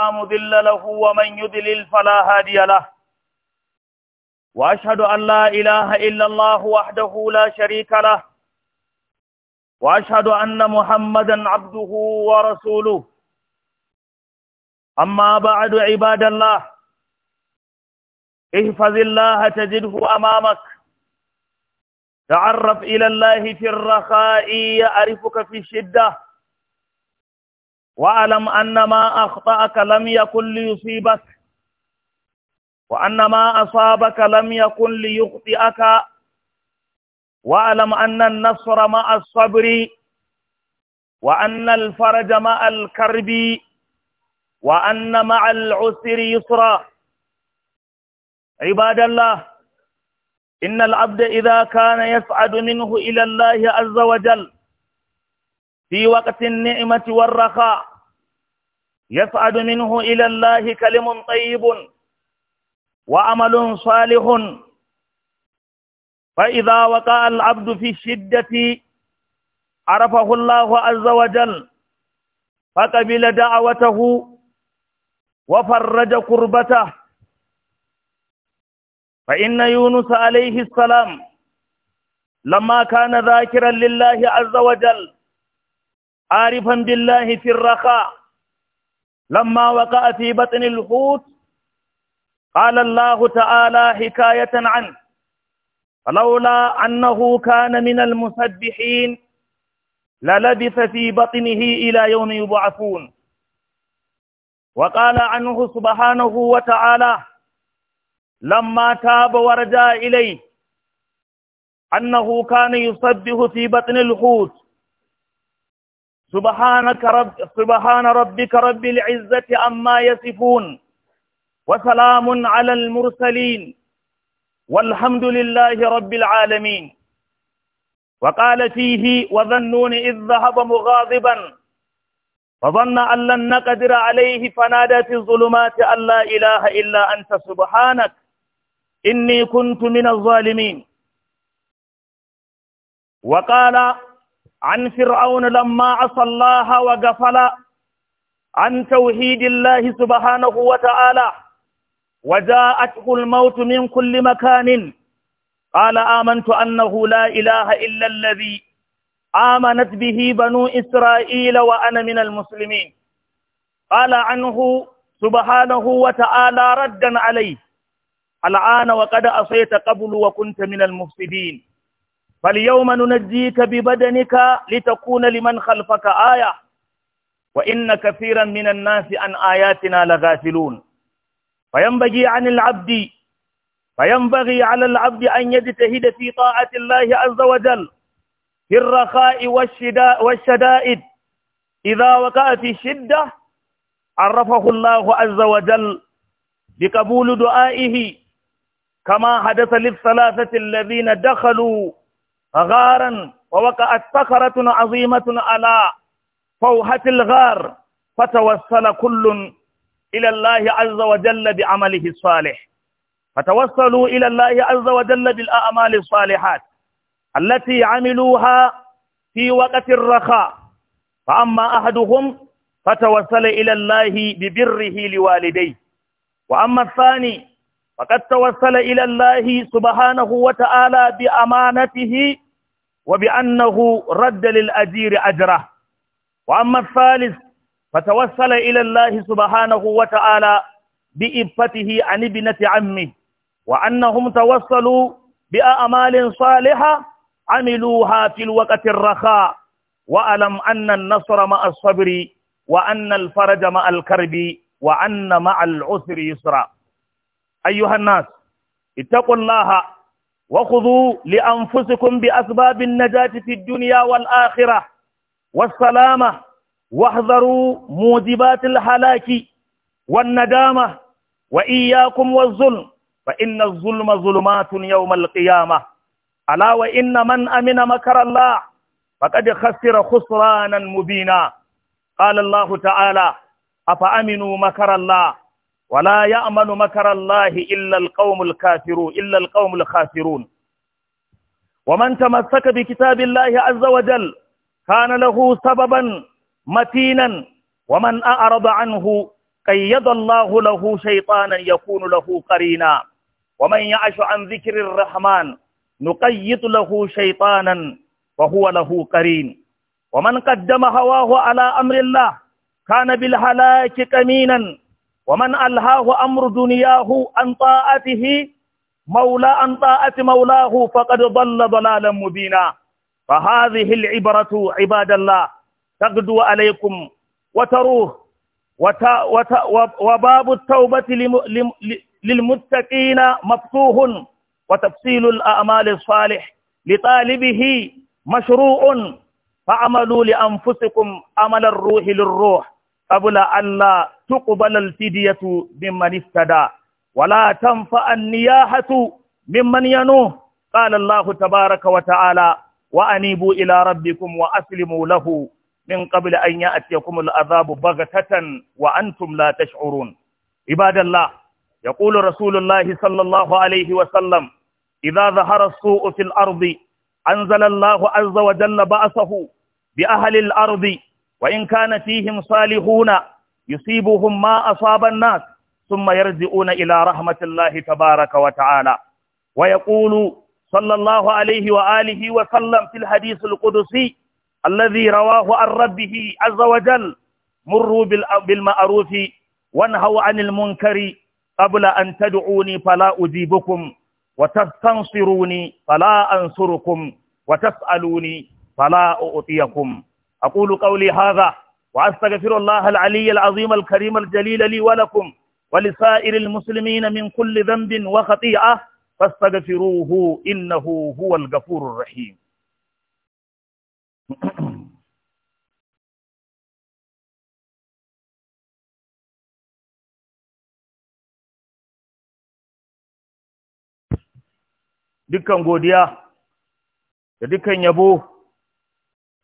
فلا مضل له ومن يضلل فلا هادي له وأشهد أن لا إله إلا الله وحده لا شريك له وأشهد أن محمدا عبده ورسوله أما بعد عباد الله احفظ الله تجده أمامك تعرف إلى الله في الرخاء يعرفك في الشدة واعلم أن ما أخطأك لم يكن ليصيبك وأن ما أصابك لم يكن ليخطئك واعلم أن النصر مع الصبر وأن الفرج مع الكرب وأن مع العسر يسرا عباد الله إن العبد إذا كان يسعد منه إلى الله عز وجل في وقت النعمة والرخاء يصعد منه إلى الله كلم طيب وعمل صالح فإذا وقع العبد في الشدة عرفه الله عز وجل فقبل دعوته وفرج كربته فإن يونس عليه السلام لما كان ذاكرا لله عز وجل عارفا بالله في الرخاء لما وقع في بطن الحوت قال الله تعالى حكاية عنه فلولا أنه كان من المسبحين للبث في بطنه إلى يوم يبعثون وقال عنه سبحانه وتعالى لما تاب ورجع إليه أنه كان يسبح في بطن الحوت سبحانك رب سبحان ربك رب العزة عما يصفون وسلام على المرسلين والحمد لله رب العالمين وقال فيه وظنون إذ ذهب مغاضبا فظن أن لن نقدر عليه فنادى في الظلمات أن لا إله إلا أنت سبحانك إني كنت من الظالمين وقال عن فرعون لما عصى الله وغفل عن توحيد الله سبحانه وتعالى وجاءته الموت من كل مكان قال آمنت أنه لا إله إلا الذي آمنت به بنو إسرائيل وأنا من المسلمين قال عنه سبحانه وتعالى ردا عليه الآن وقد أصيت قبل وكنت من المفسدين فاليوم ننجيك ببدنك لتكون لمن خلفك آية وإن كثيرا من الناس عن آياتنا لغافلون فينبغي عن العبد فينبغي على العبد أن يجتهد في طاعة الله عز وجل في الرخاء والشدائد إذا وقع في الشدة عرفه الله عز وجل بقبول دعائه كما حدث للثلاثة الذين دخلوا غارا ووقعت صخرة عظيمة على فوهة الغار فتوسل كل إلى الله عز وجل بعمله الصالح فتوصلوا إلى الله عز وجل بالأعمال الصالحات التي عملوها في وقت الرخاء فأما أحدهم فتوصل إلى الله ببره لوالديه وأما الثاني فقد توسل إلى الله سبحانه وتعالى بأمانته وبأنه رد للأجير أجره وأما الثالث فتوسل إلى الله سبحانه وتعالى بإبته عن ابنة عمه وأنهم توصلوا بأعمال صالحة عملوها في الوقت الرخاء وألم أن النصر مع الصبر وأن الفرج مع الكرب وأن مع العسر يسرا أيها الناس اتقوا الله وخذوا لأنفسكم بأسباب النجاة في الدنيا والآخرة والسلامة واحذروا موجبات الهلاك والندامة وإياكم والظلم فإن الظلم ظلمات يوم القيامة ألا وإن من أمن مكر الله فقد خسر خسرانا مبينا قال الله تعالى أفأمنوا مكر الله ولا يأمن مكر الله إلا القوم الكافرون إلا القوم الخاسرون ومن تمسك بكتاب الله عز وجل كان له سببا متينا ومن أعرض عنه قيد الله له شيطانا يكون له قرينا ومن يعش عن ذكر الرحمن نقيد له شيطانا وهو له قرين ومن قدم هواه على أمر الله كان بالهلاك كمينا ومن ألهاه أمر دنياه عن طاعته مولى عن طاعة مولاه فقد ضل ضلالا مبينا فهذه العبرة عباد الله تغدو عليكم وتروه وت... وت... وباب التوبة لم... للمتقين مفتوح وتفصيل الأعمال الصالح لطالبه مشروع فعملوا لأنفسكم عمل الروح للروح قبل أن لا تقبل الفدية ممن افتدى ولا تنفع النياحة ممن ينوه قال الله تبارك وتعالى وأنيبوا إلى ربكم وأسلموا له من قبل أن يأتيكم العذاب بغتة وأنتم لا تشعرون عباد الله يقول رسول الله صلى الله عليه وسلم إذا ظهر السوء في الأرض أنزل الله عز وجل بأسه بأهل الأرض وإن كان فيهم صالحون يصيبهم ما أصاب الناس ثم يرجعون إلى رحمة الله تبارك وتعالى ويقول صلى الله عليه وآله وسلم في الحديث القدسي الذي رواه عن ربه عز وجل مروا بالمعروف وانهوا عن المنكر قبل أن تدعوني فلا أجيبكم وتستنصروني فلا أنصركم وتسألوني فلا أعطيكم أقول قولي هذا وأستغفر الله العلي العظيم الكريم الجليل لي ولكم ولسائر المسلمين من كل ذنب وخطيئة فاستغفروه إنه هو الغفور الرحيم dukkan godiya da dukkan yabo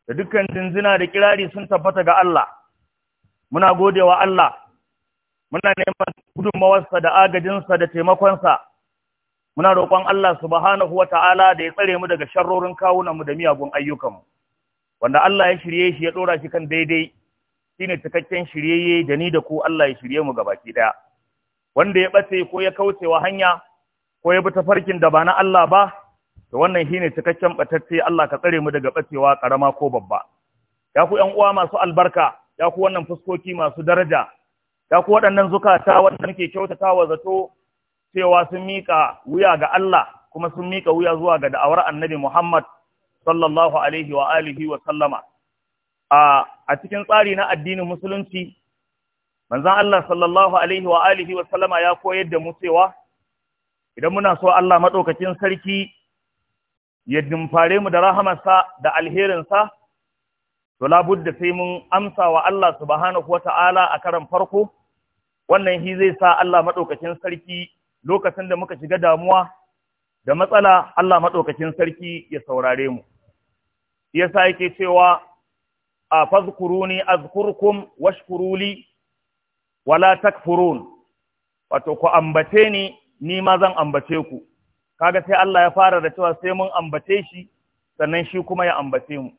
da dukkan zinzina da kirari sun tabbata ga Allah muna godewa Allah muna neman gudunmawarsa da agajinsa da taimakonsa muna roƙon Allah subhanahu wata'ala da ya tsare mu daga sharrorin kawunanmu da miyagun ayyukanmu wanda Allah ya shirye shi ya ɗora shi kan daidai shine cikakken shiryayye da ni da ku Allah ya shirye mu gabaki ɗaya wanda ya ɓace ko ya kaucewa hanya ko ya bi tafarkin da ba na Allah ba to wannan shine cikakken batacce Allah ka tsare mu daga bacewa karama ko babba ya ku ƴan uwa masu albarka ya ku wannan fuskoki masu daraja ya ku waɗannan zukata waɗanda muke kyautatawa zato cewa sun miƙa wuya ga Allah kuma sun miƙa wuya zuwa ga da'awar Annabi Muhammad sallallahu alaihi wa alihi wa sallama a cikin tsari na addinin musulunci manzon Allah sallallahu alaihi wa alihi wa sallama ya koyar da mu cewa idan muna so Allah madaukakin sarki ya dimfare mu da rahamarsa da alherinsa to labudda sai mun amsa wa Allah subhanahu Ta'ala a karan farko wannan shi zai sa Allah madaukakin sarki lokacin da muka shiga damuwa da matsala Allah madaukakin sarki ya saurare mu yasa yake cewa a fazkuruni azkurkum washkuruli wala takfurun wato ku ambace ni ni ma zan ambace ku kaga sai Allah ya fara da cewa sai mun ambace shi sannan shi kuma ya ambace mu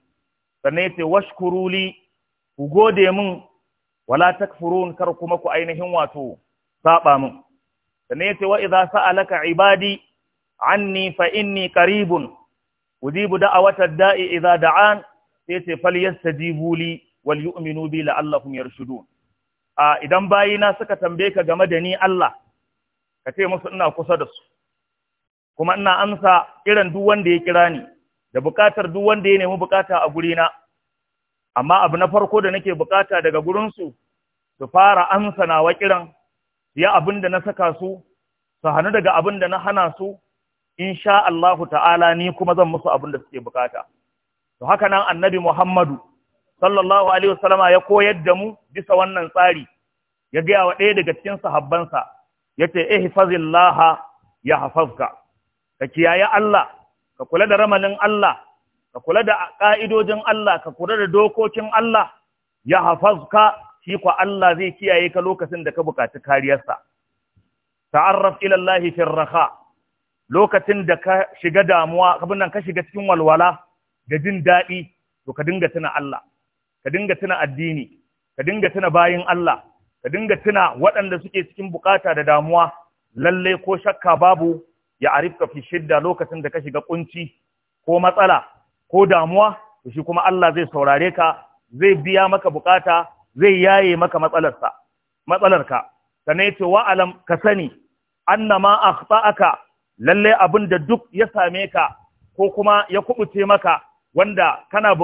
sannan yace washkuru ku gode mun wala takfurun kar kuma ku ainihin wato saba mun sannan yace wa idza sa'alaka ibadi anni fa inni qaribun ujibu da'awata da'i idza da'an yace falyastajibu li wal yu'minu bi la'allahum yarshudun a idan bayina suka tambaye ka game da ni Allah ka ce musu ina kusa da su kuma ina amsa irin duk wanda ya kira ni da bukatar duk wanda ya nemi bukata a gurina amma abu na farko da nake bukata daga gurinsu su fara amsa nawa kiran ya abin da na saka su su hannu daga abin na hana su insha Allahu ta'ala ni kuma zan musu abin da suke bukata to haka nan annabi Muhammadu sallallahu alaihi wasallama ya koyar da mu bisa wannan tsari ya gaya wa ɗaya daga cikin sahabbansa yace ihfazillaha hafazka. ka kiyaye Allah ka kula da ramanin Allah ka kula da ƙa'idojin Allah ka kula da dokokin Allah ya hafazka shi kwa Allah zai kiyaye ka lokacin da ka buƙaci kariyarsa ta'arraf ilallahi Allah fi raha lokacin da ka shiga damuwa kabin nan ka shiga cikin walwala da jin daɗi to ka dinga tuna Allah ka dinga tuna addini ka dinga tuna bayin Allah ka dinga tuna waɗanda suke cikin bukata da damuwa lallai ko shakka babu ya arifka fi shidda lokacin da ka shiga kunci ko matsala ko damuwa to shi kuma Allah zai saurare ka zai biya maka bukata zai yaye maka matsalarsa matsalarka sannan ce wa alam ka sani annama akhta'aka lalle abin da duk ya same ka ko kuma ya kubuce maka wanda kana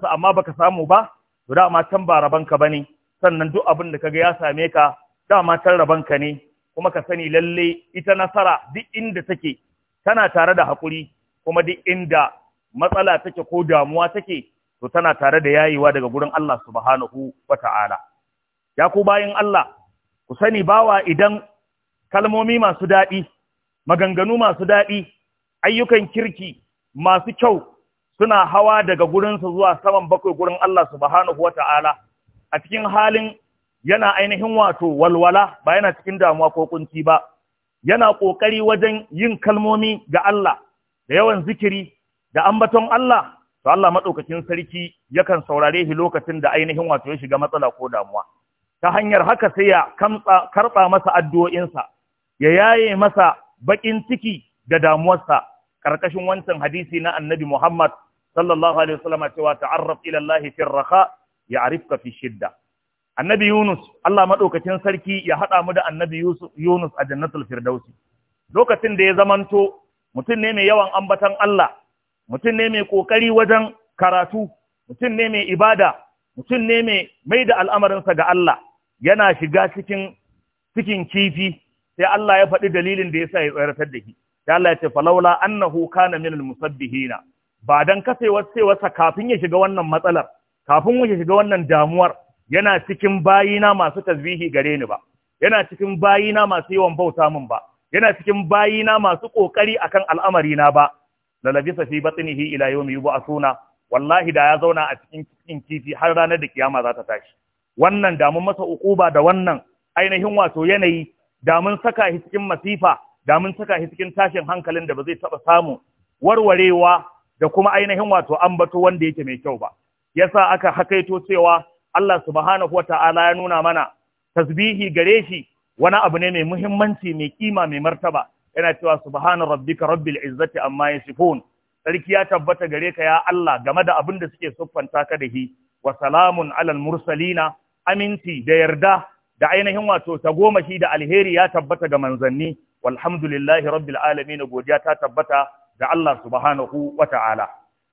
sa amma baka samu ba to dama can ba rabanka bane sannan duk abin da kaga ya same ka dama can rabanka ne kuma ka sani lalle ita nasara duk inda take tana tare da haƙuri kuma duk inda matsala take ko damuwa take to tana tare da yayewa daga gurin Allah subhanahu wata'ala ya ku bayin Allah ku sani bawa idan kalmomi masu daɗi maganganu masu daɗi ayyukan kirki masu kyau suna hawa daga gurinsa zuwa saman bakwai gurin Allah subhanahu wata'ala a cikin halin yana ainihin wato walwala ba yana cikin damuwa ko kunci ba yana kokari wajen yin kalmomi ga Allah da yawan zikiri da ambaton Allah to Allah madaukakin sarki yakan saurare shi lokacin da ainihin wato ya shiga matsala ko damuwa ta hanyar haka sai ya kamtsa karba masa addu'o'insa ya yaye masa bakin ciki da damuwarsa karkashin wancan hadisi na Annabi Muhammad sallallahu alaihi wasallam cewa ta'arraf ila Allah fi ar-raha ya'rifka fi shidda annabi Yunus Allah maɗaukacin sarki ya haɗa mu da annabi Yunus a jannatul firdausi lokacin da ya zamanto mutum ne mai yawan ambatan Allah mutum ne mai ƙoƙari wajen karatu mutum ne mai ibada mutum ne mai mai da al'amarinsa ga Allah yana shiga cikin cikin kifi sai Allah ya faɗi dalilin da ya sa ya tsayar da shi sai Allah ya ce falawla annahu kana minal musabbihina ba don wasa kafin ya shiga wannan matsalar kafin ya shiga wannan damuwar yana cikin bayina masu tasbihi gare ni ba yana cikin bayina masu yawan bauta min ba yana cikin bayina masu kokari akan al'amari na ba la labisa fi batnihi ila yawmi yub'athuna wallahi da ya zauna a cikin cikin kifi har ranar da kiyama za ta tashi wannan da mun masa ukuba da wannan ainihin wato yanayi da mun saka shi cikin masifa da mun saka shi cikin tashin hankalin da ba zai taba samu warwarewa da kuma ainihin wato ambato wanda yake mai kyau ba yasa aka hakaito cewa Allah subhanahu wa ta'ala ya nuna mana tasbihi gare shi wani abu ne mai muhimmanci mai kima mai martaba yana cewa subhana rabbika rabbil izzati amma yasifun sarki ya tabbata gare ka ya Allah game da abin da suke siffanta ka da shi wa salamun alal mursalina aminci da yarda da ainihin wato ta goma shi da alheri ya tabbata ga manzanni walhamdulillahi rabbil alamin godiya ta tabbata ga Allah subhanahu wata'ala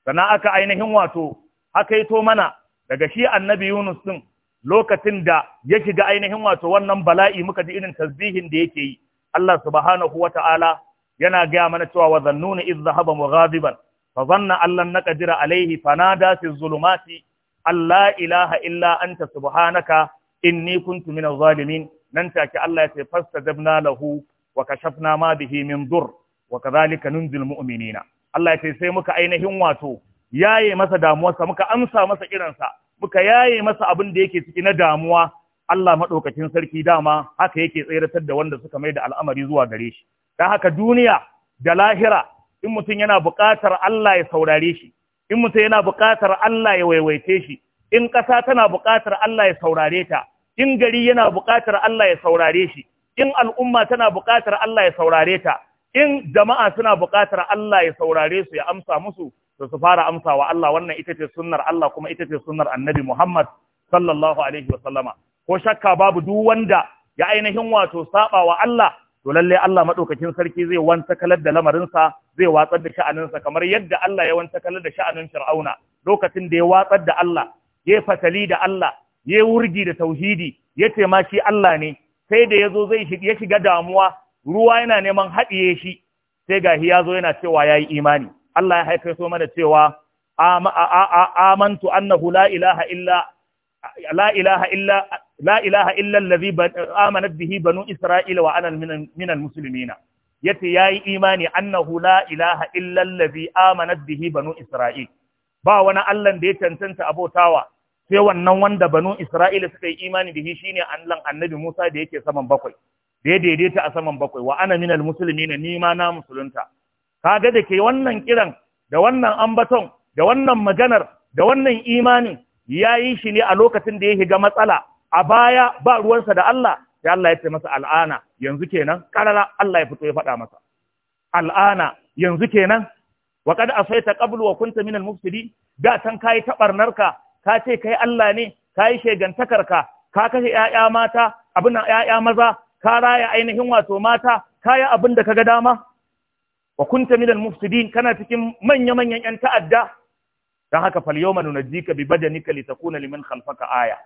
sana aka ainihin wato hakaito mana daga shi annabi Yunus din lokacin da ya shiga ainihin wato wannan bala'i muka ji irin tasbihin da yake yi Allah subhanahu wata'ala yana gaya mana cewa wa zannuna iz zahaba mughadiban fa zanna allan naqdira alaihi fanada fi zulumati alla ilaha illa anta subhanaka inni kuntu minaz zalimin nan take Allah ya ce fastajabna lahu wa kashafna ma bihi min dur wa kadhalika nunzil mu'minina Allah ya ce sai muka ainihin wato yaye masa damuwarsa muka amsa masa kiransa muka yaye masa abin da yake ciki na damuwa Allah madaukakin sarki dama haka yake tsayartar da wanda suka mai da al'amari zuwa gare shi dan haka duniya da lahira in mutum yana buƙatar Allah ya saurare shi in mutum yana buƙatar Allah ya waiwaite shi in ƙasa tana buƙatar Allah ya saurare ta in gari yana buƙatar Allah ya saurare shi in al'umma tana buƙatar Allah ya saurare ta in jama'a suna buƙatar Allah ya saurare su ya amsa musu da su fara amsawa Allah wannan ita ce sunnar Allah kuma ita ce sunnar Annabi Muhammad sallallahu alaihi wa sallama ko shakka babu duk wanda ya ainihin wato saba wa Allah to lalle Allah madaukakin sarki zai kalar da lamarinsa zai watsar da sha'aninsa kamar yadda Allah ya kalar da sha'anin Fir'auna lokacin da ya watsar da Allah ya fatali da Allah ya wurgi da tauhidi ya ce ma shi Allah ne sai da yazo zai ya shiga damuwa ruwa yana neman haɗiye shi sai gahi yazo yana cewa yayi imani Allah ya haifeto mana cewa amantu annahu la ilaha illa la ilaha illa la ilaha illa allazi amanat bihi banu isra'ila wa ana min al muslimina yace yayi imani annahu la ilaha illa allazi amanat bihi banu isra'il ba wani Allah da ya cancanta abotawa sai wannan wanda banu isra'ila suka yi imani da shi shine Allah annabi Musa da yake saman bakwai da ya daidaita a saman bakwai wa ana minal muslimina ni ma na musulunta kaga da ke wannan kiran da wannan ambaton da wannan maganar da wannan imanin ya yi shi ne a lokacin da ya shiga matsala a baya ba ruwansa da Allah sai Allah ya ce masa al'ana yanzu kenan karara Allah ya fito ya faɗa masa al'ana yanzu kenan wa kad asaita qablu wa kunta minal mufsidi da tan kai tabarnarka ka ce kai Allah ne kai shegantakarka ka kashe 'ya'ya mata abin 'ya'ya maza ka raya ainihin wato mata kaya abin da kaga dama wa kunta minal mufsidin kana cikin manya-manyan 'yan ta'adda dan haka yawma nunajjika bi badanika litakuna liman khalfaka aya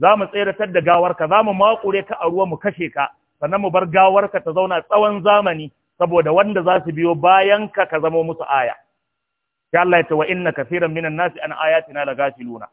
za mu da gawarka za mu makure ka a ruwa mu kashe ka sannan mu bar gawarka ta zauna tsawon zamani saboda wanda za su biyo bayan ka ka zamo musu aya sai Allah ya ce wa inna kaseeran minan nasi an ayatina lagafiluna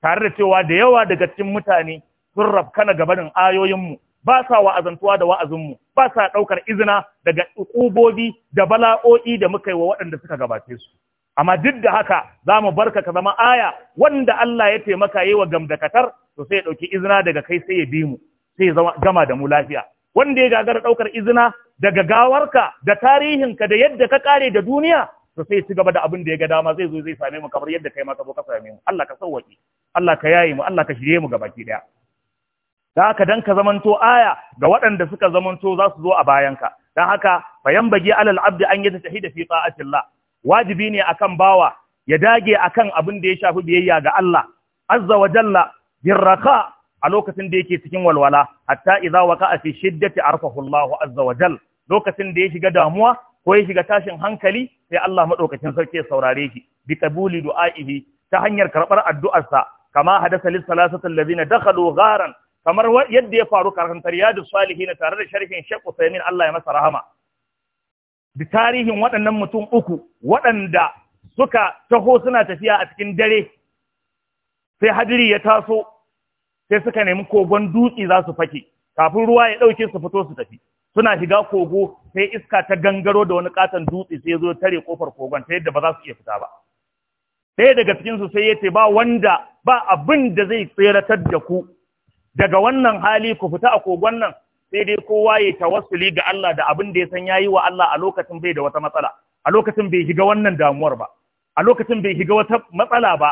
tare da cewa da yawa daga cikin mutane sun rafkana gabanin ayoyinmu ba sa wa'azantuwa da wa'azinmu ba sa ɗaukar izina daga ƙubobi da bala'o'i da muka yi wa waɗanda suka gabace su amma duk da haka za mu barka ka zama aya wanda Allah ya taimaka yi wa gamdakatar to sai ya ɗauki izina daga kai sai ya bi mu sai ya gama da mu lafiya wanda ya gagara ɗaukar izina daga gawarka da tarihinka da yadda ka kare da duniya to sai ci gaba da abin da ya ga dama zai zo zai same mu kamar yadda kai ma ka zo ka same mu Allah ka sauwaƙe Allah ka yaye mu Allah ka shirye mu gabaki daya da haka dan ka zamanto aya ga waɗanda suka zamanto za su zo a bayanka dan haka bayan bagi alal abdi an yata tahida fi ta'atillah wajibi ne akan bawa ya dage akan abin da ya shafi biyayya ga Allah azza wa jalla birraka a lokacin da yake cikin walwala hatta idza waqa'a fi shiddati arfahu Allah azza wa jalla lokacin da ya shiga damuwa ko ya shiga tashin hankali sai Allah madaukakin sarki ya saurare shi bi qabuli du'aihi ta hanyar karbar addu'arsa kama hadasa lis salasati allazina dakhalu gharan kamar yadda ya faru karantar da salihi na tare da sharhin Sheikh usaimin Allah ya masa rahama da tarihin waɗannan mutum uku waɗanda suka taho suna tafiya a cikin dare sai hadiri ya taso sai suka nemi kogon dutse za su fake kafin ruwa ya ɗauke su fito su tafi suna shiga kogo sai iska ta gangaro da wani katon dutse sai ya zo tare kofar kogon ta yadda ba za su iya fita ba ɗaya daga cikinsu sai ya ce ba wanda ba abin da zai tseratar da ku daga wannan hali ku fita a kogon nan sai dai kowa ya tawassuli ga Allah da abin da ya san yayi wa Allah a lokacin bai da wata matsala a lokacin bai shiga wannan damuwar ba a lokacin bai shiga wata matsala ba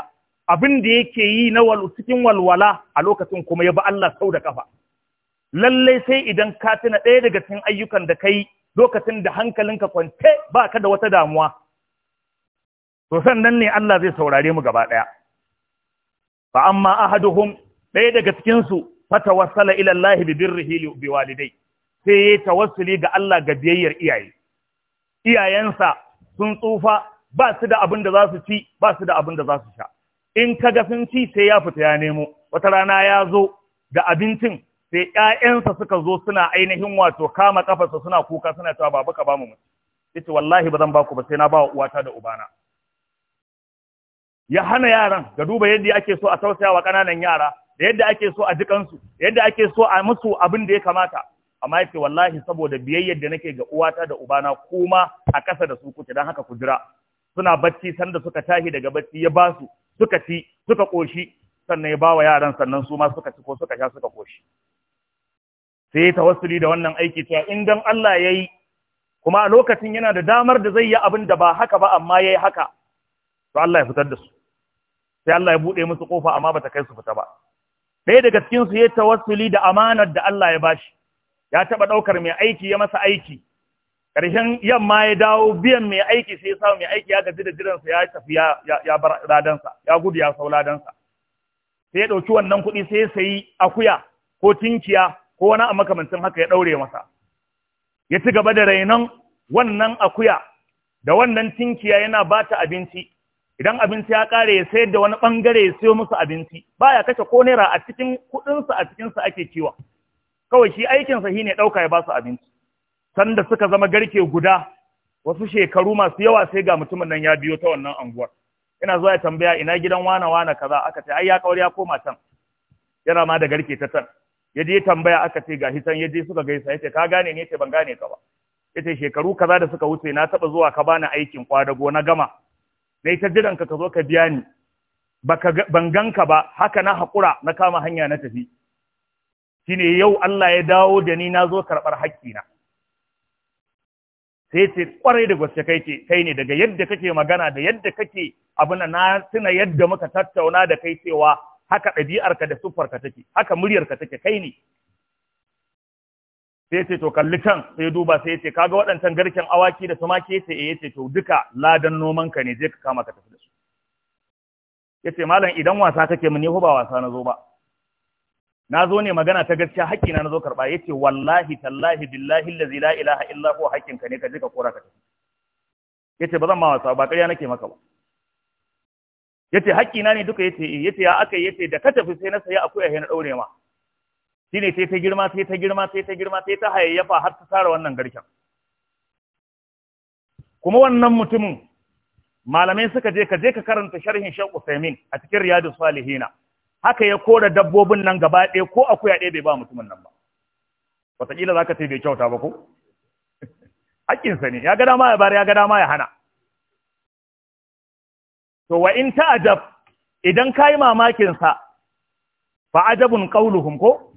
abin da yake yi na cikin walwala a lokacin kuma ya bi Allah sau da kafa lallai sai idan ka tuna ɗaya daga cikin ayyukan da kai lokacin da hankalinka kwance ba ka da wata damuwa to sannan ne Allah zai saurare mu gaba ɗaya fa amma ahaduhum ɗaya daga cikinsu fata wasala ilallahi bi birrihi bi walidai sai ya tawassuli ga Allah ga biyayyar iyaye iyayensa sun tsufa ba su da abin da za su ci ba su da abin da za su sha in ga sun ci sai ya fita ya nemo wata rana ya zo da abincin sai ƴaƴansa suka zo suna ainihin wato kama kafarsa suna kuka suna cewa baba ka bamu mutu yace wallahi ba zan baku ba sai na bawa uwata da ubana ya hana yaran ga duba yadda ake so a tausaya wa ƙananan yara da yadda ake so a jikansu yadda ake so a musu abin da ya kamata amma yace wallahi saboda biyayyar da nake ga uwata da ubana kuma a kasa da su kuke dan haka kujira suna bacci sanda suka tahi daga bacci ya basu, suka ci suka koshi sannan ya ba wa yaran sannan su ma suka ci ko suka sha suka koshi sai ya tawassuli da wannan aiki cewa in dan Allah yayi kuma a lokacin yana da damar da zai yi abin da ba haka ba amma yayi haka to Allah ya fitar da su sai Allah ya buɗe musu kofa amma ba ta kai su fita ba ɗaya daga cikin su ya tawassuli da amanar da Allah ya bashi ya taɓa ɗaukar mai aiki ya masa aiki ƙarshen yamma ya dawo biyan mai aiki sai ya samu mai aiki ya gaji da jiransa ya tafi ya bar ladansa ya gudu ya sau ladansa sai ya ɗauki wannan kuɗi sai ya sayi akuya ko tinkiya ko wani a makamancin haka ya ɗaure masa ya ci gaba da rainon wannan akuya da wannan tinkiya yana ba ta abinci idan abinci ya kare ya sayar da wani bangare ya siyo musu abinci baya kashe ko naira a cikin kuɗinsa a cikinsa ake ciwa kawai shi aikinsa shi ne ɗauka ya ba su abinci sanda suka zama garke guda wasu shekaru masu yawa sai ga mutumin nan ya biyo ta wannan anguwar ina zuwa ya tambaya ina gidan wana wana kaza aka ce ai ya kawar ya koma can yana ma da garke ta can ya je tambaya aka ce gashi hitan ya je suka gaisa yace ka gane ne yace ban gane ka ba yace shekaru kaza da suka wuce na taba zuwa ka bani aikin kwadago na gama na ta jiran ka zo ka biya ni ban ganka ba haka na haƙura na kama hanya na tafi ne yau Allah ya dawo da ni na zo karɓar haƙƙina sai ce kwarai da gaske kai ce kai ne daga yadda kake magana da yadda kake abin na tuna yadda muka tattauna da kai cewa haka ɗabi'arka da siffarka take haka muryarka take kai ne sai ce to kalli can sai duba sai ce kaga waɗancan garken awaki da tumaki yace eh yace to duka ladan noman ka ne je ka kama ka tafi da su yace malam idan wasa kake mun ne ba wasa na zo ba na zo ne magana ta gaskiya haƙƙi na zo karɓa yace wallahi tallahi billahi allazi la ilaha illa huwa haƙƙin ka ne ka je ka kora ka tafi yace ba zan ma wasa ba ƙarya nake maka ba yace haƙƙi na ne duka yace eh. yace ya aka yace da ka tafi sai na saya akuya sai na daure ma shine sai ta girma sai ta girma sai ta girma sai ta hayayyafa har ta tara wannan garken kuma wannan mutumin malamai suka je ka je ka karanta sharhin shan Usaimin a cikin Riyadus Salihina haka ya kora dabbobin nan gaba ɗaya ko akuya ɗaya bai ba mutumin nan ba wataƙila za ka ce bai kyauta ba ko haƙƙinsa ne ya gada ma ya bari ya gada ma ya hana to wa in ajab, idan kayi mamakin sa fa ajabun qauluhum ko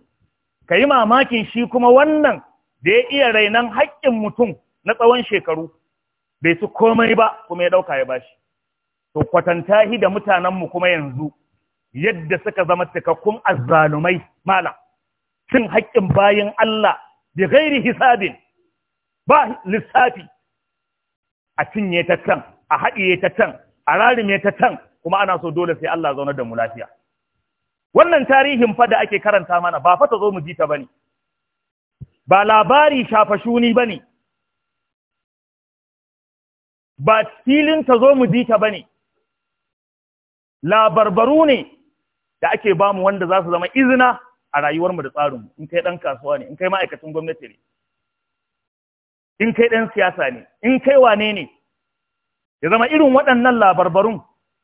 ka yi mamakin shi kuma wannan da ya iya rainan haƙƙin mutum na tsawon shekaru bai su komai ba kuma ya ɗauka ya bashi to kwatanta hi da mutanenmu kuma yanzu yadda suka zama cikakkun azzalumai malam cin haƙƙin bayan Allah da gairi hisabin ba lissafi a cinye ta can a haɗiye ta can a rarime ta can kuma ana so dole sai Allah zaune da mu lafiya wannan tarihin fa da ake karanta mana ba fa ta zo mu ji ta bane ba labari shafa shuni bane ba filin ta zo mu ji ta bane labarbaru ne da ake bamu wanda za su zama izina a rayuwarmu da tsarinmu in kai ɗan kasuwa ne in kai ma'aikacin gwamnati ne in kai ɗan siyasa ne in kai wane ne ya zama irin waɗannan labarbarun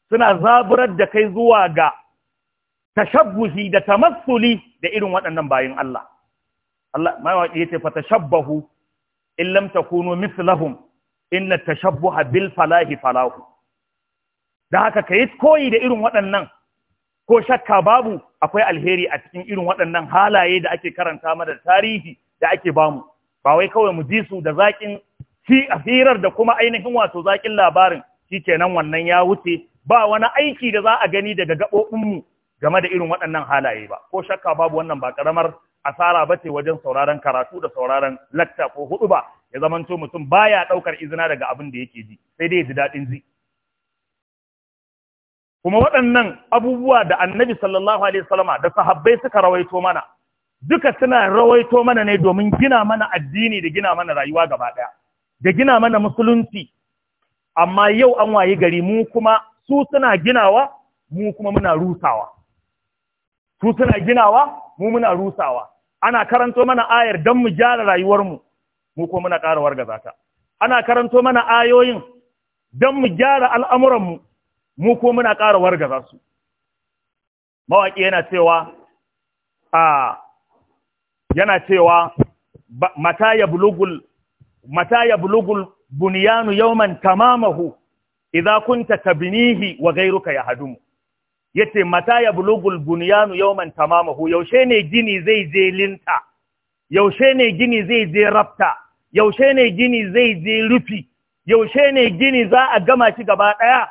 suna zaburar da kai zuwa ga tashabbuhi da tamassuli da irin waɗannan bayin Allah Allah yace fa tashabbahu in lam takunu mithlahum inna tashabbuha bil falahi falahu da haka kai koyi da irin waɗannan ko shakka babu akwai alheri a cikin irin waɗannan halaye da ake karanta mana tarihi da ake bamu ba wai kawai mu ji su da zakin fi afirar da kuma ainihin wato zaƙin labarin kenan wannan ya wuce ba wani aiki da za a gani daga gaɓoɓinmu game da irin waɗannan halaye ba ko shakka babu wannan ba karamar asara ba ce wajen sauraron karatu da sauraron lakta ko hudu ba ya zamanto mutum baya ɗaukar izina daga abin da yake ji sai dai ji daɗin ji kuma waɗannan abubuwa da annabi sallallahu alaihi wasallama da sahabbai suka rawaito mana duka suna rawaito mana ne domin gina mana addini da gina mana rayuwa gaba ɗaya da gina mana musulunci amma yau an wayi gari mu kuma su suna ginawa mu kuma muna rusawa su suna ginawa mu muna rusawa ana karanto mana ayar don mu gyara rayuwarmu mu ko muna ƙara wargaza ta ana karanto mana ayoyin don mu gyara al'amuranmu mu ko muna ƙara wargaza su mawaƙi yana cewa a yana cewa mata ya bulugul mata ya bulugul buniyanu yawman tamamahu idza kunta tabnihi wa ghayruka yahdumu yace mata ya bulugul bunyanu yawman tamamahu yaushe ne gini zai je linta yaushe ne gini zai je rafta yaushe ne gini zai je rufi yaushe ne gini za a gama shi gaba daya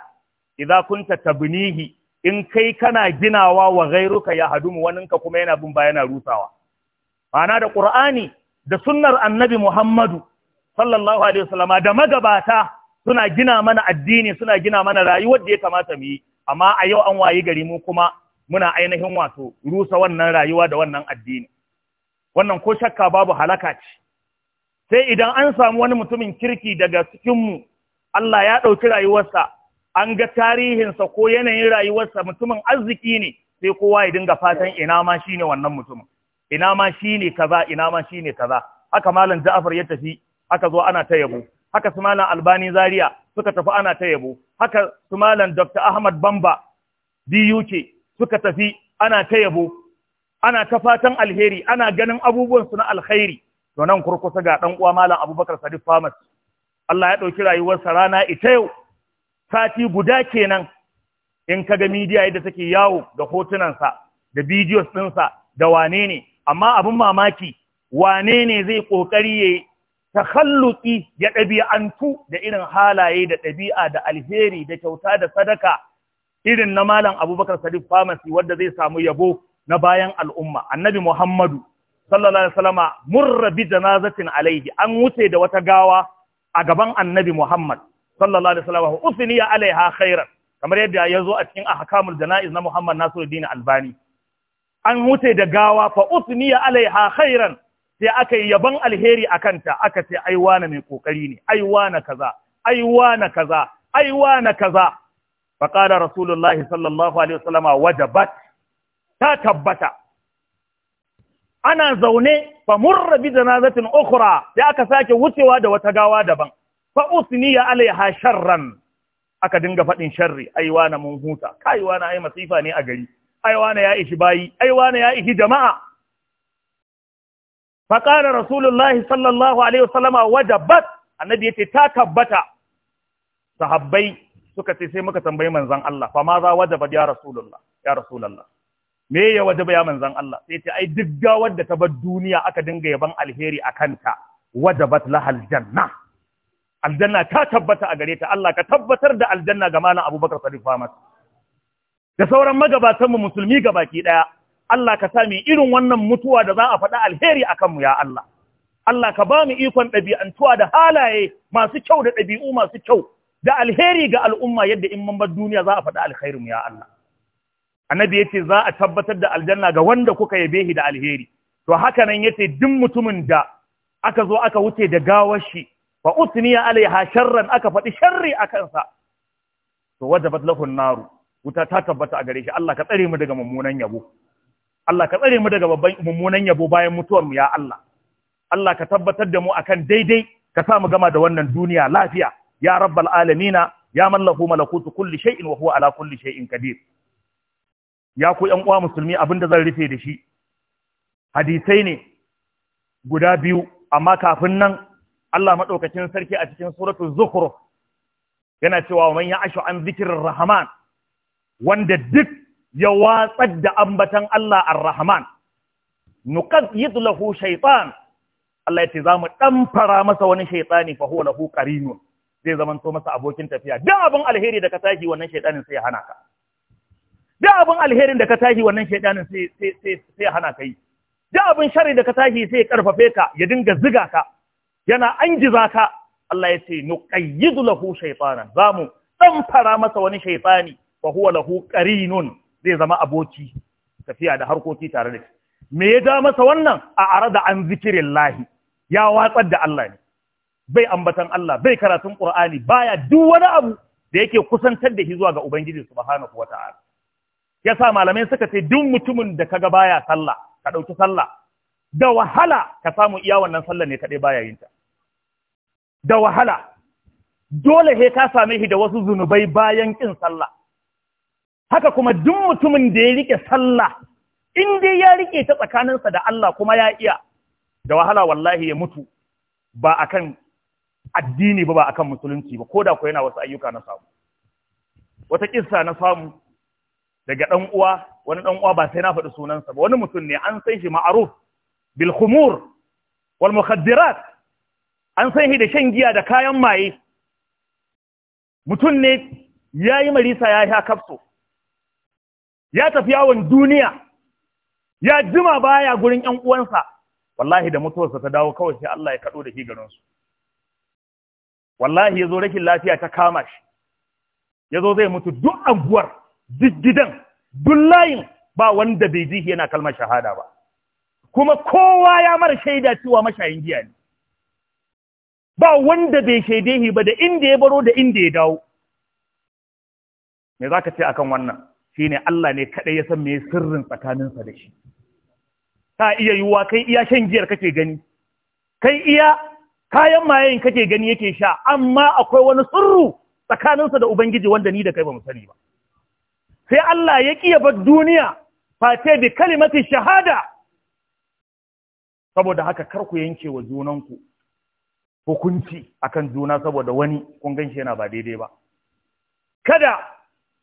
idza kunta tabnihi in kai kana ginawa wa ghairuka ya hadumu waninka kuma yana bin bayana yana rusawa ana da qur'ani da sunnar annabi muhammadu sallallahu alaihi wasallama da magabata suna gina mana addini suna gina mana rayuwar da ya kamata mu yi amma a yau an wayi gari mu kuma muna ainihin wato rusa wannan rayuwa da wannan addini wannan ko shakka babu halaka ce sai idan an samu wani mutumin kirki daga cikinmu Allah ya ɗauki rayuwarsa an ga tarihinsa ko yanayin rayuwarsa mutumin arziki ne sai kowa ya dinga fatan ina ma shine wannan mutumin ina ma shine kaza ina ma shine kaza haka malam Ja'far ya tafi aka zo ana ta yabo haka su malam Albani Zaria suka tafi ana ta yabo haka su malam Dr. Ahmad Bamba DUK suka tafi ana ta yabo ana ta fatan alheri ana ganin abubuwan su na alkhairi to nan kurkusa ga dan uwa malam Abubakar Sadiq Farmers. Allah ya dauki rayuwarsa rana ita yau sati guda kenan in kaga media yadda take yawo da hotunansa da videos ɗinsa da wane ne amma abin mamaki wane ne zai ƙoƙari takhalluqi ya ɗabi'antu da irin halaye da ɗabi'a da alheri da kyauta da sadaka irin na malam Abubakar Sadiq Pharmacy wanda zai samu yabo na bayan al'umma annabi Muhammadu sallallahu alaihi wasallama murra bi janazatin alaihi an wuce da wata gawa a gaban annabi Muhammad sallallahu alaihi wasallama usniya alaiha khairan kamar yadda ya zo a cikin ahkamul janaiz na Muhammad Nasiruddin Albani an wuce da gawa fa usniya alaiha khairan sai aka yi yaban alheri a kanta aka ce ai wane mai kokari ne ai wane kaza ai wane kaza ai wane kaza fa qala rasulullahi sallallahu alaihi wasallama wajabat ta tabbata ana zaune fa murra bi janazatin ukhra sai aka sake wucewa da wata gawa daban fa usniya alaiha sharran aka dinga fadin sharri aiwa na mun huta kaiwa na ai masifa ne a gari aiwa na ya ishi bayi aiwa na ya ishi jama'a faƙarar rasulullahi sallallahu alaihi wasallama wajabat annabi ya ce ta tabbata sahabbai suka ce sai muka tambayi manzan Allah fa ma za wajabat ya rasulullah ya me ya wajaba ya manzan Allah sai ce ai duk gawar da ta bar duniya aka dinga yaban alheri a kanta wajabat lahal janna aljanna ta tabbata a gare ta Allah ka tabbatar da aljanna ga malam Abubakar Sadiq Famas da sauran magabatanmu mu musulmi gabaki daya Allah ka sami irin wannan mutuwa da za a faɗa alheri a kanmu ya Allah. Allah ka ba mu ikon ɗabi'antuwa da halaye masu kyau da ɗabi'u masu kyau da alheri ga al'umma yadda in mambar duniya za a faɗa alkhairu ya Allah. Annabi ya ce za a tabbatar da aljanna ga wanda kuka yabe shi da alheri. To haka nan ya ce duk mutumin da aka zo aka wuce da gawar shi fa usniya alaiha sharran aka faɗi sharri a kansa. To wajabat lahun naru wuta ta tabbata a gare shi Allah ka tsare mu daga mummunan yabo. Allah ka tsare mu daga babban mummunan yabo bayan mutuwar mu ya Allah Allah ka tabbatar da mu akan daidai ka sa mu gama da wannan duniya lafiya ya rabbal alamina ya man lahu malakutu kulli shay'in wa huwa ala kulli shay'in qadir ya ku ƴan uwa musulmi abinda zan rufe da shi hadisai ne guda biyu amma kafin nan Allah madaukakin sarki a cikin suratul zukhruf yana cewa man ashu an zikrir rahman wanda duk ya watsar da ambatan Allah ar-Rahman Nukan lahu shaytan Allah ya ce za mu fara masa wani shaitani fa huwa lahu qarinun zai zamanto masa abokin tafiya Da abin alheri da ka tashi wannan shaitanin sai ya hana ka Da abin alherin da ka tashi wannan shaitanin sai sai sai ya hana ka yi duk abin sharri da ka tashi sai ya karfafe ka ya dinga ziga ka yana angiza ka Allah ya ce nuqayyidu lahu shaytanan za mu fara masa wani shaitani fa huwa lahu qarinun zai zama aboki tafiya da harkoki tare da shi me ya ja masa wannan a arada an zikirin lahi ya watsar da Allah ne bai ambatan Allah bai karatun Qur'ani baya duk wani abu da yake kusantar da shi zuwa ga Ubangiji subhanahu wata'ala yasa malamai suka ce duk mutumin da kaga baya sallah ka dauki sallah da wahala ka samu iya wannan sallah ne kadai baya yin ta da wahala dole he ka same shi da wasu zunubai bayan kin sallah haka kuma duk mutumin da ya rike sallah in dai ya rike ta tsakaninsa da Allah kuma ya iya da wahala wallahi ya mutu ba akan addini ba ba akan musulunci ba koda ko yana wasu ayyuka na samu wata kissa na samu daga dan uwa wani dan uwa ba sai na faɗi sunansa ba wani mutum ne an san shi ma'aruf bil khumur wal mukhaddirat an san shi da shan giya da kayan maye mutum ne yayi marisa ya sha kafso ya tafi yawon duniya ya jima baya gurin ƴan uwansa wallahi da mutuwarsa ta dawo kawai sai Allah ya kaɗo da shi garin su wallahi yazo rashin lafiya ta kama shi zo zai mutu duk anguwar duk gidan duk layin ba wanda bai ji yana kalmar shahada ba kuma kowa ya mara shaida cewa mashayin giya ne ba wanda bai shaide shi ba da inda ya baro da inda ya dawo me zaka ce akan wannan Shi ne Allah ne kaɗai ya san mai sirrin tsakaninsa da shi ta iya yiwuwa kai iya shan giyar kake gani kai iya kayan mayayin kake gani yake sha amma akwai wani sirru tsakaninsa da ubangiji wanda ni da kai ba mu sani ba sai Allah ya kiya bar duniya face bi kalimatin shahada saboda haka kar ku yanke wa junanku hukunci akan juna saboda wani kun ganshi yana ba daidai ba kada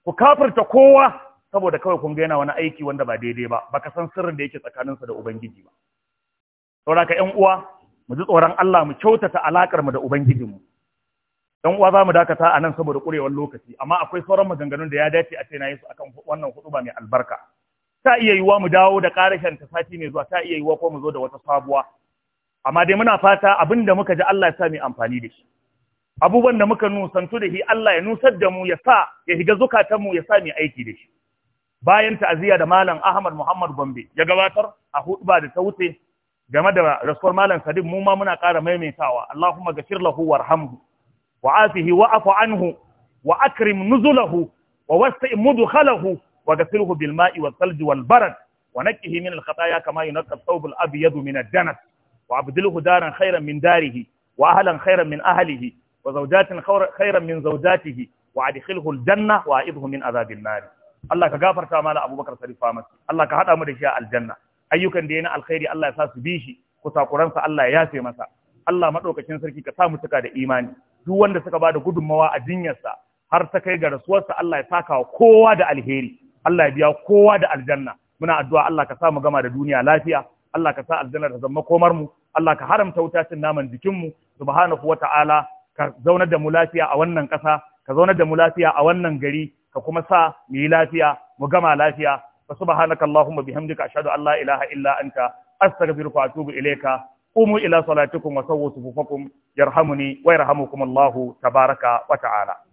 ku kafirta kowa saboda kawai kun ga yana wani aiki wanda ba daidai ba baka san sirrin da yake tsakaninsa da ubangiji ba saboda ka ƴan uwa mu ji tsoron Allah mu kyautata alakar mu da ubangijinmu ƴan uwa za mu dakata a nan saboda kurewar lokaci amma akwai sauran maganganun da ya dace a ce na yi su akan wannan hutuba mai albarka ta iya yiwuwa mu dawo da ƙarashen ta sati mai zuwa ta iya yiwuwa ko mu zo da wata sabuwa amma dai muna fata abin da muka ji Allah ya sa mu amfani da shi abubuwan da muka nusantu da shi Allah ya nusar da mu ya sa ya higa mu ya sa mu aiki da shi bayan ta'aziyya da malam Ahmad Muhammad Gombe ya gabatar a hudba da ta wuce game da rasuwar malam Sadiq mu ma muna ƙara maimaitawa Allahumma ghafir lahu warhamhu wa afihi wa afu anhu wa akrim nuzulahu wa wasti' mudkhalahu wa ghafirhu bil ma'i wal thalj wal barad wa nakkihi min al khataaya kama yunqqa thawb al abyad min ad danas wa abdilhu daran khayran min darihi wa ahlan khayran min ahlihi wa zawjatan khayran min zawjatihi wa adkhilhu al janna wa a'idhu min adhabil nar Allah ka gafarta mala Abubakar Sadiq Famas Allah ka haɗa mu da shi a aljanna ayyukan da ya na alkhairi Allah ya sa su bi shi kusakuransa Allah ya yafe masa Allah maɗaukakin sarki ka sa mu cika da imani duk wanda suka ba da gudunmawa a jinyarsa har ta kai ga rasuwarsa Allah ya saka wa kowa da alheri Allah ya biya kowa da aljanna muna addu'a Allah ka sa mu gama da duniya lafiya Allah ka sa aljanna ta zama komar mu Allah ka haramta wuta naman jikin mu subhanahu wata'ala ka zaunar da mu lafiya a wannan ƙasa ka zaunar da mu lafiya a wannan gari ka kuma sa mu yi lafiya mu gama lafiya fa subhanaka allahumma bihamdika ashhadu an la ilaha illa anta astaghfiruka wa atubu ilayka qumu ila salatikum wa sawwu sufufakum yarhamuni wa yarhamukum allah tabaraka wa ta'ala